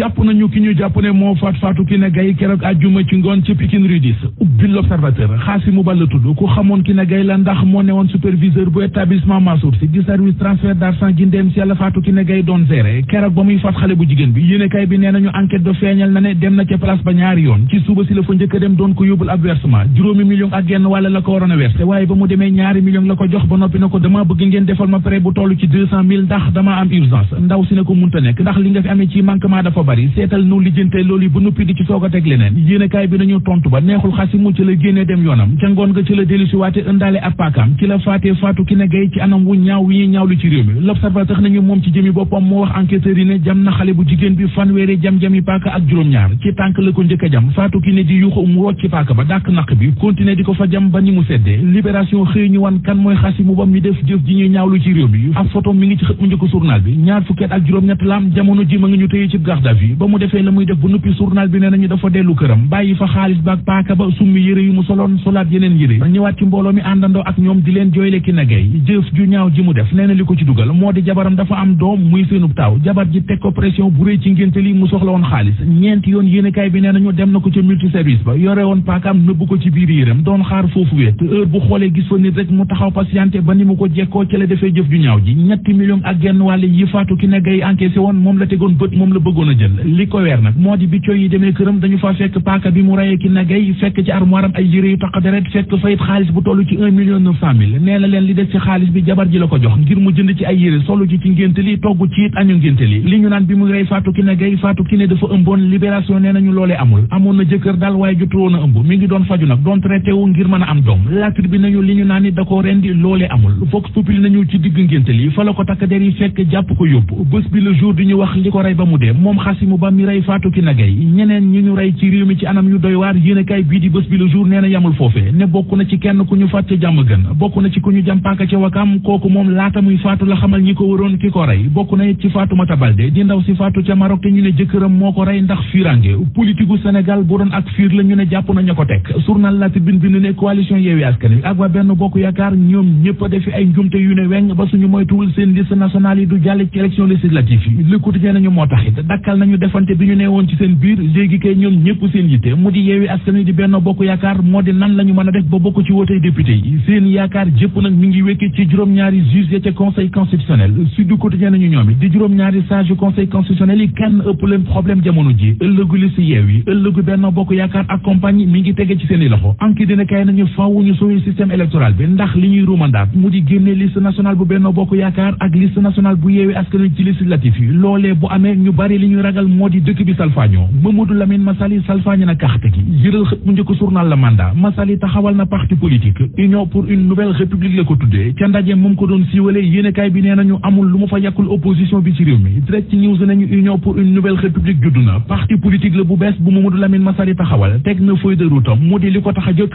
jàpp nañu ki ñu jàpp ne moo faat faatu ki ne gay keroog àjjuma ci ngoon ci Pikine Rue ubbi l'Observateur Xaasimu Ba la tudd ku xamoon ki ne gay la ndax moo ne woon superviseur bu établissement Mansour Sy di service transfert d'argent gi ndéem faatu ki ne gay doon géré keroog ba muy faat xale bu jigéen bi yéenekaay bi nee nañu enquête de feeñal na ne dem na ca place ba ñaari yoon ci suba si la fa njëkk a dem doon ko yóbbul ab versement juróomi million a versé waaye ba mu demee bari seetal nu lijjante loolu yi ba nuppi di ci soog a teg leneen yéenekaay bi nañu tontu ba neexul xasi mu ci la génnee dem yoonam ca ngoon nga ci la dellusi waate ëndaale ab paakaam ci la faatee faatu ki ne gay ci anam wu ñaaw wi ñaawlu ci réew mi l'observateur nañu moom ci jëmi boppam moo wax enquêteur ne jam na xale bu jigéen bi fanweeri jam-jami paaka ak juróom-ñaar ci tànk la ko njëkk a jam faatu ki ne di yuuxu mu paaka ba dàkk naq bi continuer vue ba mu defee la muy def bu nuppi journal bi nee nañu dafa dellu këram bàyyi fa xaalis ba paaka ba summi yëre yu mu soloon solaat yeneen yëre ñëwaat ci mbooloo mi àndandoo ak ñoom di leen jooyle ki nagay jëf mu def nee na li ko ci dugal moo di jabaram dafa mu soxla woon xaalis ñeenti yoon yéenekaay bi nee nañu dem na ko ca multi service ba yore woon paakaam nëbb ko ci biir yéram doon xaar foofu wéet heure bu xoolee gis fa ni a leen li ko weer nag moo di bi cooy yi demee këram dañu fa fekk paaka bi mu rayee ki nagay fekk ci armoire am ay yére yu taq deret fekk fayit xaalis bu toll ci un million neuf cent nee na leen li des ci xaalis bi jabar ji la ko jox ngir mu jënd ci ay yére solu ci ci ngénte li togg ci it añu ngénte li li ñu naan bi muy rey Fatou Kiné Gaye Fatou Kiné dafa ëmboon libération nee nañu loolee amul amoon na jëkkër daal waaye jotu ëmb mi ngi doon fa xasimu ba mi rey Fatou Kiné Gaye ñeneen ñu ñu rey ci réew mi ci anam yu doy waar yéenekaay bii di bés bi le jour nee yamul foofee ne bokk na ci kenn ku ñu faat ca jàmm gën bokk na ci faatu la xamal ñi ko waroon ko rey bokk na it ci Fatoumata di ndaw si faatu ca Maroc te ñu ne jëkkëram moo ko rey ndax fiirange politiku Sénégal bu doon ak fiir la ñu ne jàpp nañu ko teg journal La Tribune bi ne coalition Yewwi Askan Wi ak waa Benno Bokk Yaakaar ñoom a defi ay njumte yu ne weñ ba suñu moytuwul nañu defante bi ñu nee woon ci seen biir léegi kay ñoom ñëpp seen yitte mu di yeewi askan wi di benn bokk yaakaar moo di nan la ñu a def ba bokk ci wootey député yi seen yaakaar jëpp nag mi ngi wékkee ci juróom-ñaari juge ya ca conseil constitutionnel Sud Quotidien nañu ñoom it di juróom-ñaari sage conseil constitutionnel yi kenn ëpp leen problème jamono ji ëllëgu li yeew yi ëllëgu benn bokk yaakaar ak compagnie mi ngi tege ci seen i li ñuy rumandaat mu di génne liste nationale bokk yaakaar ak liste nationale bu yeewi ragal moo di dëkk bi salfaañoo Mamadou Lamine Massaly salfaañe na carte gi yëral xët mu njëkk journal la mandat Massaly taxawal na parti politique union pour une nouvelle république la ko tuddee ca ndaje moom ko doon siiwale yéenekaay bi nee nañu amul lu mu fa yàkkul opposition bi ci réew mi direct news nañu union pour une nouvelle république juddu na parti politique la bu bees bu Mamadou Lamine Massaly taxawal teg na feuille de route am di li ko tax a jëkk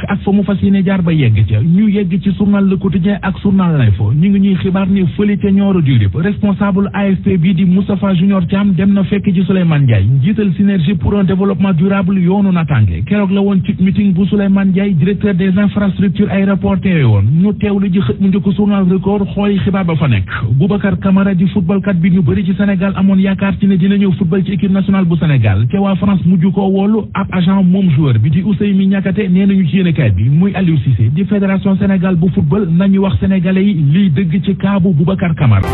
Souleymane Ndiaye njiital synergie pour un développement durable yoonu natange keroog la woon ci meeting bu Souleymane Ndiaye directeur des infrastructures aéroportuaires yoon ñu teewlu ji xët mu njëkk journal record xooli xibaar ba fa nekk Boubacar Camara di footballkat bi ñu bëri ci Sénégal amoon yaakaar ci ne dina ñëw football ci équipe nationale bu Sénégal te waa France mujj koo ab agent moom joueur bi di Ousseynou Niakhaté nee nañu ñu yéenekaay bi muy Aliou Cissé di fédération Sénégal bu football nañu wax sénégalais yi lii dëgg ci kaabu Boubacar Camara